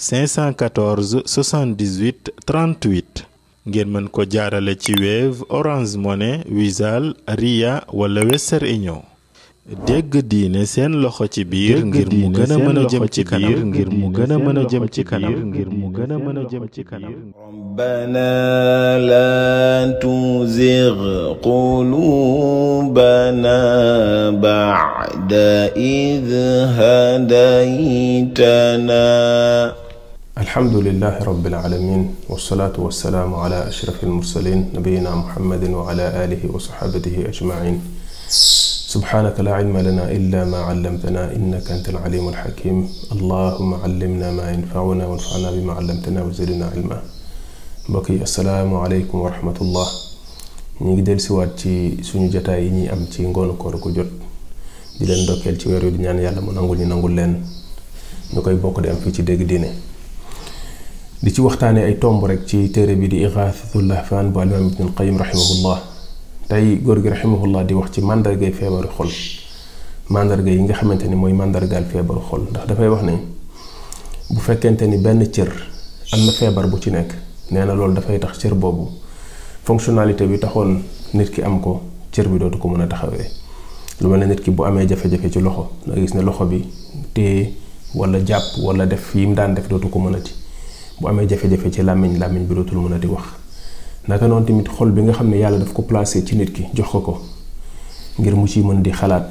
514 78 38 ngeen mën ko jaarale ci Wave Orange Money Wizall Ria wala seen loxo ci biir ngir mu gën a mën a jëm ci kanam ngir mu gën a mën a jëm ci kanam ngir mu gën a mën a jëm ci kanam la tuzigh qulubana ba'da idh hadaytana alhamdulilahi rabbil alamin wasalaatu wasalaamu ala ashraf almursalin nabiyina muhammadin wa ala alihi wa saxaabatihi ajmain subhaanaka laa cilma lana illa ma callamtana innaka anta alcalimu alxakim allahuma callimna ma yanfacuna wanfacna bima callamtana wa zidna cilma mbokk yi asalaamu aleykum wa rahmatullah ñu ngi dellusiwaat ci suñu jataay yi ñuy am ci ngoonu koor gu jot di leen ndokkeel ci weer wi di ñaan yàlla mu nangul ñu nangul leen ñu koy bokk di am fii ci dégg diine di ci waxtaanee ay tomb rek ci téere bi di Ighathatul Lahfan bu alimaam Ibnul Qayyim rahimahullah tey góor gi rahimahullah di wax ci màndargay feebaru xol màndarga yi nga xamante ni mooy màndargaal feebaru xol ndax dafay wax ne bu fekkente ni benn cër am na feebar bu ci nekk nee na loolu dafay tax cër boobu fonctionnalité bi taxoon nit ki am ko cër bi dootu ko mën a taxawee lu mel ne nit ki bu amee jafe-jafe ci loxo nga gis ne loxo bi téye wala jàpp wala def yi mu daan def dootu ko mënati bu amee jafe-jafe ci làmmiñ làmmiñ bi dootul mën a di wax naka noonu tamit xol bi nga xam ne yàlla daf ko placé ci nit ki jox ko ko ngir mu ci mën di xalaat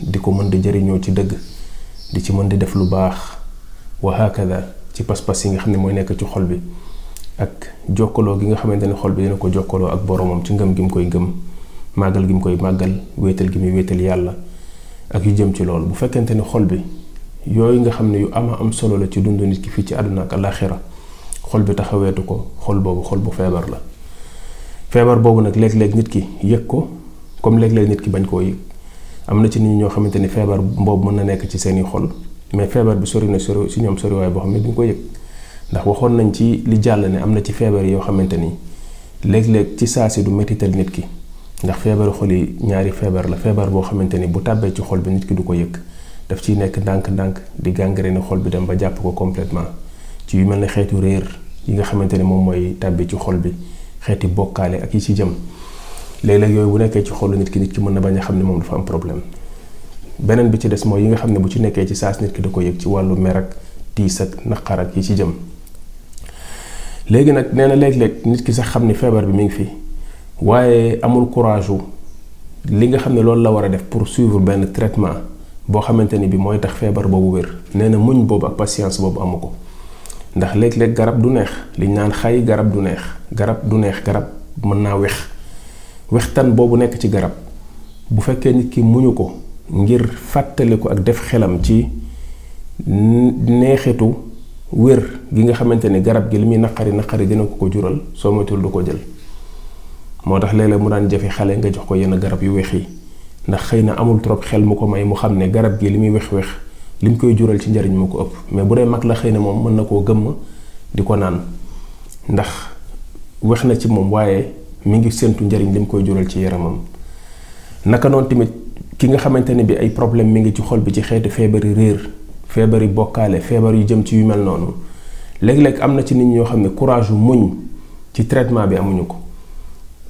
di ko mën di jariñoo ci dëgg di ci mën di def lu baax wa ci pas-pas yi nga xam ne mooy nekk ci xol bi ak jokkaloo gi nga xamante ne xol bi dina ko jokkaloo ak boromam ci ngëm gi mu koy ngëm màggal gi mu koy màggal wéetal gi muy wéetal yàlla ak yu jëm ci loolu bu fekkente ne xol bi yooyu nga xam ne yu ama am solo la ci dundu nit ki fii ci àdduna ak xera xol bi taxaweetu ko xol boobu xol bu feebar la feebar boobu nag léeg-léeg nit ki yëg ko comme léeg-léeg nit ki bañ koo am na ci nit ñoo xamante ni feebar boobu mën na nekk ci seeni xol mais feebar bi sori na sori ñoom soriwaay boo xam ne duñ ko yëg ndax waxoon nañ ci li jàll ne am na ci feebar yoo xamante ni léeg-léeg ci saa du mettital nit ki ndax xol yi ñaari feebar la feebar boo xamante ni bu tàbbee ci xol bi nit ki du ko yëg daf ciy nekk ndànk-ndànk di gangrène xol bi dem ba jàpp ko complètement ci yu mel ne xeetu réer yi nga xamante ne moom mooy tàbbi ci xol bi xeeti bokkaale ak yi ci jëm léeg-léeg yooyu bu nekkee ci xolu nit ki nit ki mën na bañ a xam ne moom dafa am problème beneen bi ci des mooy yi nga xam ne bu ci nekkee ci saas nit ki da ko yëg ci wàllu mer ak tiis ak naqar ak ci jëm léegi nag nee na léeg-léeg nit ki sax xam ni feebar bi mi ngi fi waaye amul courage li nga xam ne loolu la war a def pour suivre benn traitement boo xamante ni bi mooy tax feebar boobu wér nee na muñ boobu ak patience boobu amu ko ndax léeg-léeg garab du neex liñ naan xay garab du neex garab du neex garab mën naa wex wextan boobu nekk ci garab bu fekkee nit ki muñu ko ngir fàttali ko ak def xelam ci neexitu wér gi nga xamante ni garab gi li muy naqari naqari dina ko ko jural soo moytul du ko jël moo tax léeg mu daan jafe xale nga jox ko yenn garab yu weex yi ndax xëy na amul trop xel mu ko may mu xam ne garab gi li muy wex-wex li mu koy jural ci njariñ moo ko ëpp mais bu dee mag la xëy na moom mën na koo gëmm di ko naan ndax wex na ci moom waaye mi ngi séntu njariñ li mu koy jural ci yaramam naka noonu tamit ki nga xamante ne bi ay problème mi ngi ci xol bi ci xeetu feebari réer feebari bokkaale feebar yu jëm ci yu mel noonu léeg-léeg am na ci nit ñoo xam ne courage muñ ci traitement bi amuñu ko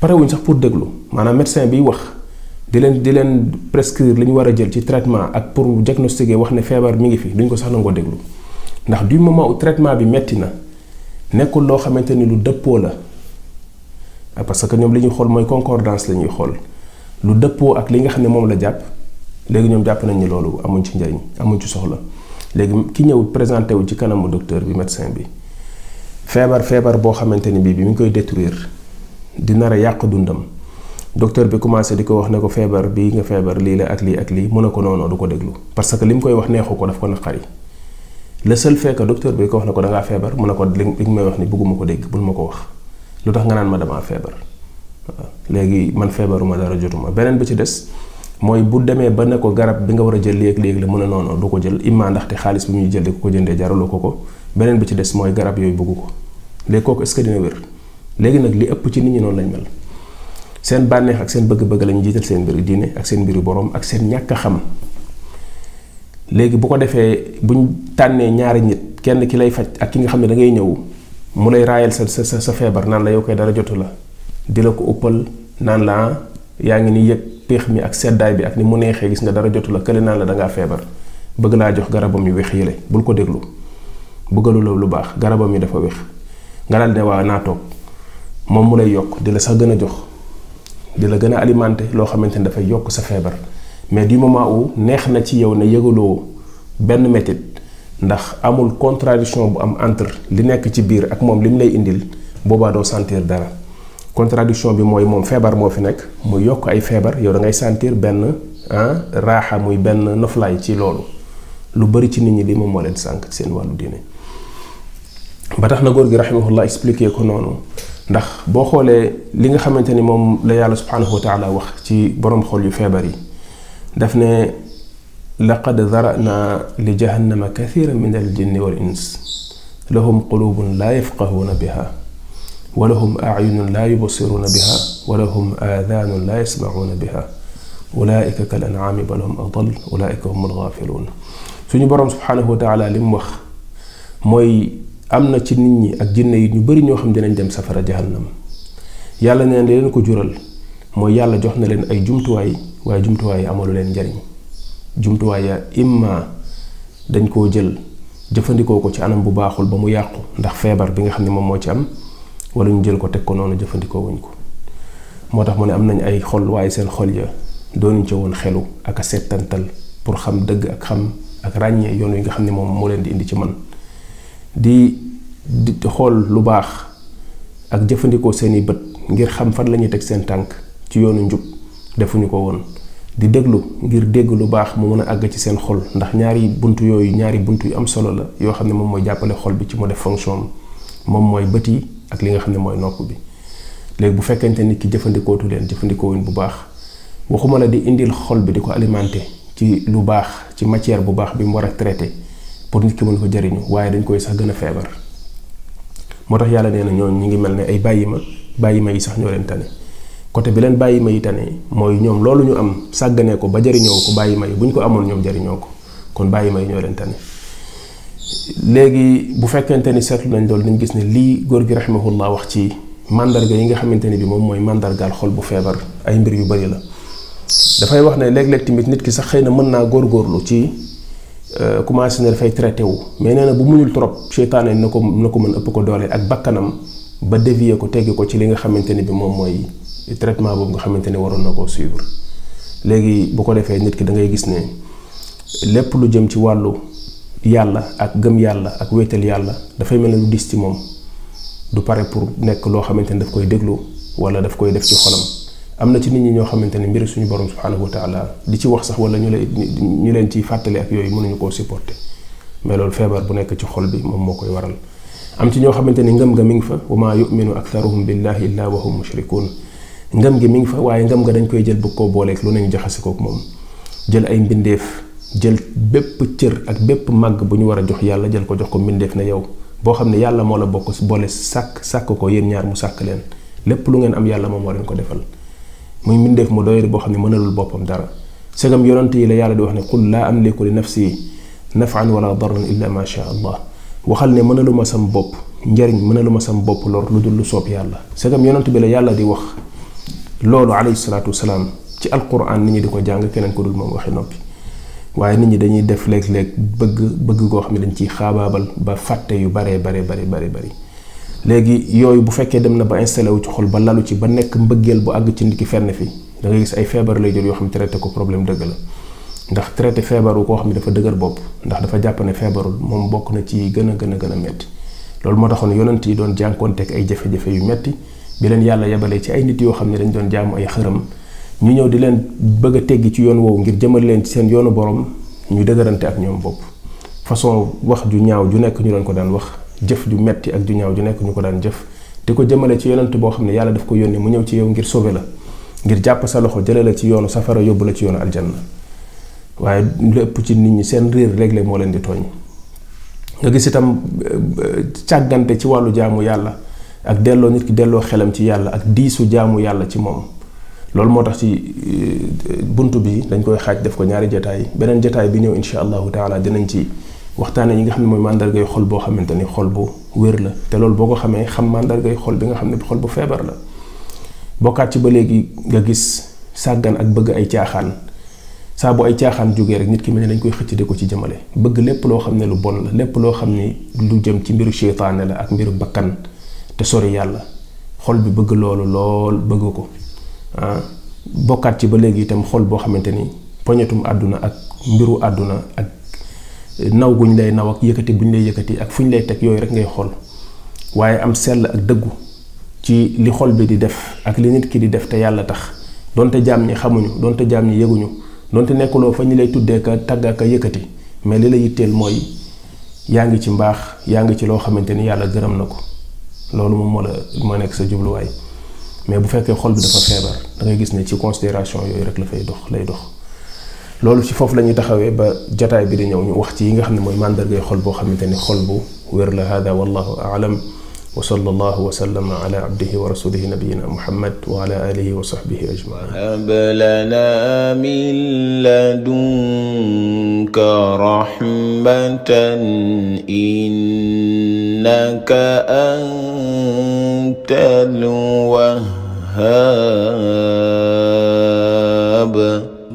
parewuñ sax pour déglu maanaam médecin biy wax di leen di leen prescrire li ñu war a jël ci traitement ak pour diagnostiquer wax ne feebar mu ngi fi duñ ko sax nangoo déglu ndax du moment où traitement bi metti na nekkul loo xamante ni lu dëppoo la ah, parce que ñoom li ñuy xool mooy concordance la ñuy xool lu dëppoo ak li nga xam ne moom la jàpp léegi ñoom jàpp nañ ni loolu amuñ ci njariñ amuñ ci soxla léegi ki ñëw présenté wu ci kanamu docteur bi médecin bi feebar feebar boo xamante ni bii bi mu ngi koy détruire di nar a yàq docteur bi commencé di ko wax ne ko feebar bii nga feebar lii la ak lii ak lii mu ne ko noonu du ko déglu parce que li mu koy wax neexu ko daf ko naqari le seul fait que docteur bi ko wax ne ko da feebar mu ne ko li nga may wax ni bëgguma ko dégg bul ma ko wax lu tax nga naan ma damaa feebar léegi man feebaruma dara jotuma beneen bi ci des mooy bu demee ba ne ko garab bi nga war a jël léeg léegi la mun a noonoo du ko jël imma ndaxte xaalis bi muy jël di ko ko jëndee jaraloo ko ko beneen bi ci des mooy garab yooyu bëggu ko léegi kooku est léegi nag li ëpp ci nit ñi noonu lañ mel seen bànneex ak seen bëgg-bëgg lañu jiital seen mbiru diine ak seen mbiru borom ak seen ñàkk xam léegi bu ko defee buñ tànnee ñaari nit kenn ki lay faj ak ki nga xam ne da ngay ñëw mu lay raayal sa sa sa feebar naan la yow koy dara jotu la di la ko uppal naan la ah, yaa ngi ni yëg peex mi ak seddaay bi ak ni mu neexee gis nga dara jotu la kële naan la dangaa feebar bëgg laa jox garabam yu weex yële bul ko déglu bëggalu lu baax garabam yi dafa weex nga daal ne lay yokk di la sax gën a jox di la gën a alimenté loo xamante ni dafay yokk sa feebar mais du moment où neex na ci yow ne yëgaloo benn métit ndax amul contradiction bu am entre li nekk ci biir ak moom li mu lay indil boobaa doo sentir dara contradiction bi mooy moom feebar moo fi nekk mu yokk ay feebar yow da ngay sentir benn raaxa muy benn noflaay ci loolu lu bari ci nit ñi li moom moo leen sànq seen wàllu diine ba tax na góor gi rahimahullah expliqué ko noonu ndax boo xoolee li nga xamante ni moom la yàlla subhaanahu wa taala wax ci boroom xol yu feebar yi daf ne laqad zarana li jahannama kathiran min al jinni wal ins lahum qulubun laa yafqahuuna biha wa lahum aayunun laa yubsiruuna biha wa lahum aadaanun laa yasmacuuna biha ulaika kal ancaami bal hum adal ulaika hum algaafiluun suñu boroom subhaanahu wa taala li mu wax mooy am na ci nit ñi ak jinne yi ñu bari ñoo xam dinañ dem safara jahannam yàlla nee na leen ko jural mooy yàlla jox na leen ay jumtuwaay waaye jumtuwaay yi amalu leen njariñ jumtuwaay ya imma dañ koo jël jëfandikoo ko ci anam bu baaxul ba mu yàqu ndax feebar bi nga xam ne moom moo ci am wala ñu jël ko teg ko noonu jëfandikoo wuñ ko moo tax mu ne am nañ ay xol waaye seen xol ya doonuñ ca woon xelu ak a settantal pour xam dëgg ak xam ak ràññee yoon wi nga ne moom moo leen di indi ci man di di xool lu baax ak jëfandikoo seeni bët ngir xam fan la ñuy teg seen tànk ci yoonu njub defuñu ko woon di déglu ngir dégg lu baax mu mën a àgg ci seen xol ndax ñaari bunt yooyu ñaari bunt yu am solo la yoo xam ne moom mooy jàppale xol bi ci mu def fonction moom mooy bët yi ak li nga xam ne mooy nopp bi léegi bu fekkente nit ki jëfandikootu leen jëfandikoo wuñ bu baax waxuma la di indil xol bi di ko alimenté ci lu baax ci matière bu baax bi mu war a traité pour nit ki mën ko jariñu waaye dañ koy sax gën a feebar moo tax yàlla nee na ñooñu ñu ngi mel ne ay bàyyi ma bàyyi ma yi sax ñoo leen tane côté bi leen bàyyi ma yi tane mooy ñoom loolu ñu am sàgganee ko ba jariñoo ko bàyyi ma yi bu ñu ko amoon ñoom jariñoo ko kon bàyyi ma yi ñoo leen tane léegi bu fekkente ni seetlu nañ loolu dañ gis ne lii góor gi rahimahullah wax ci mandarga yi nga xamante ne bi moom mooy mandargaal xol bu feebar ay mbir yu bari la dafay wax ne léeg Euh, commencé na dafay traité wu mais nee na bu muñul trop seytaane na ko na ko mën ëpp ko doole ak bakkanam ba dévier ko tegg ko ci li nga xamante ne bi moom mooy traitement boobu nga xamante ne waroon na koo suivre léegi bu ko defee nit ki da ngay gis ne lépp lu jëm ci wàllu yàlla ak gëm yàlla ak wéetal yàlla dafay mel ne lu dis ci moom du pare pour nekk loo xamante ne daf koy déglu wala daf koy def ci xolam. am na ci nit ñi ñoo xamante ne mbiri suñu borom subhanahu wa taala di ci wax sax wala ñu lay ñu leen ciy fàttali ak yooyu mënuñu koo supporter mais loolu feebar bu nekk ci xol bi moom moo koy waral am ci ñoo xamante ni ngëm nga mi ngi fa wa maa yuminu aktharuhum billahi illa wa hum mushrikun ngëm gi mi ngi fa waaye ngam nga dañ koy jël bugg koo booleeg lu nañu jaxase kook moom jël ay mbindeef jël bépp cër ak bépp màgg bu ñu war a jox yàlla jël ko jox ko mbindeef na yow boo xam ne yàlla moo la bokk boole sàkk sàkk ko yéen ñaar mu sàkk leen lépp lu ngeen am yàlla moom moo leen ko defal muy mbindeef mu doyadi boo xam ne mënalul boppam dara segam yonante yi la yàlla di wax ne qul laa amliku li nafsi nafan wala darran illa ma sha allah waxal ne mënaluma sam bopp njariñ mënaluma sam bopp lor lu dul lu soob yàlla segam yonante bi la yàlla di wax loolu alayhi salaatu wasalaam ci alquran nit ñi di ko jàng keneen ko dul moom waxi noppi waaye nit ñi dañuy def léeg-léeg bëgg bëgg goo xam ne dañ ciy xaabaabal ba fàtte yu baree bare bare bare bari léegi yooyu bu fekkee dem na ba installé wu ci xol ba lalu ci ba nekk mbëggeel bu àgg ci ndikki fenn fi da ngay gis ay feebar lay jël yoo xam ne traité ko problème dëgg ndax traité feebaru koo xam ne dafa dëgër bopp ndax dafa jàpp ne feebarul moom bokk na ci gën gën a gën a metti loolu moo taxoon yonent yi doon jànkoonteeg ay jafe yu metti bi leen yàlla yabalee ci ay nit yoo xam ne dañ doon jaamu ay xërëm ñu ñëw di leen bëgg a teggi ci yoon woowu ngir jëmal leen ci seen yoonu borom ñu dëgërante ak ñoom bopp façon wax ju ñaaw ju nekk ñu doon ko daan wax jëf ju metti ak ju ñaaw ju nekk ñu ko daan jëf di ko jëmale ci yonent boo xam ne yàlla daf ko yónni mu ñëw ci yow ngir sauver la ngir jàpp sa loxo jële ci yoonu safara yóbbu la ci yoonu aljanna waaye lépp ci nit ñi seen réer léeg-léeg moo leen di toñ nga gis itam euh, càggante ci wàllu jaamu yàlla ak delloo nit ki delloo xelam ci yàlla ak diisu jaamu yàlla ci moom loolu moo tax ci euh, bunt bii dañ koy xaaj def ko ñaari jataay beneen jataay bi ñëw insha allahu taala dinañ ci waxtaane yi nga xam ne mooy màndargay xol boo xamante ni xol bu wér la te loolu boo ko xamee xam mandargay xol bi nga xam ne xol bu feebar la bokkaat ci ba léegi nga gis sàggan ak bëgg ay caaxaan saa bu ay caaxaan jóge rek nit ki mel ni dañ koy xëcc di ko ci jëmale bëgg lépp loo xam ne lu bon la lépp loo xam ne du jëm ci mbiru seytaane la ak mbiru bakkan te sori yàlla xol bi bëgg loolu lool bëgg ko ah, bokkaat ci ba léegi itam xol boo xamante ni poñetum àdduna ak mbiru àdduna ak naw guñ lay naw ak yëkkati ñu lay yëkkati ak fu ñu lay teg yooyu rek ngay xool waaye am sell ak dëggu ci li xol bi di def ak li nit ki di def te yàlla tax donte jaam ñi xamuñu donte jaam ñi yëguñu donte nekkuloo fa ñu lay tuddee ka tàgg ak a yëkkati mais li la yitteel mooy yaa ngi ci mbaax yaa ngi ci loo xamante ni yàlla gërëm na ko loolu moom moo la ma nekk sa jubluwaay mais bu fekkee xol bi dafa feebar da ngay gis ne ci considération yooyu rek la fay dox lay dox. loolu ci foofu la ñuy taxawee ba jataay bi di ñëw ñu wax ci yi nga xam ne mooy màndargay xol boo xamante ni xol bu wér la hada wallahu aalam wa sallallahu wa sallama ala abdihi wa rasulihi nabiyina muhammad wa ala alihi wa sahbihi ajmain hab lana min ladunka rahmatan innaka antal wahhab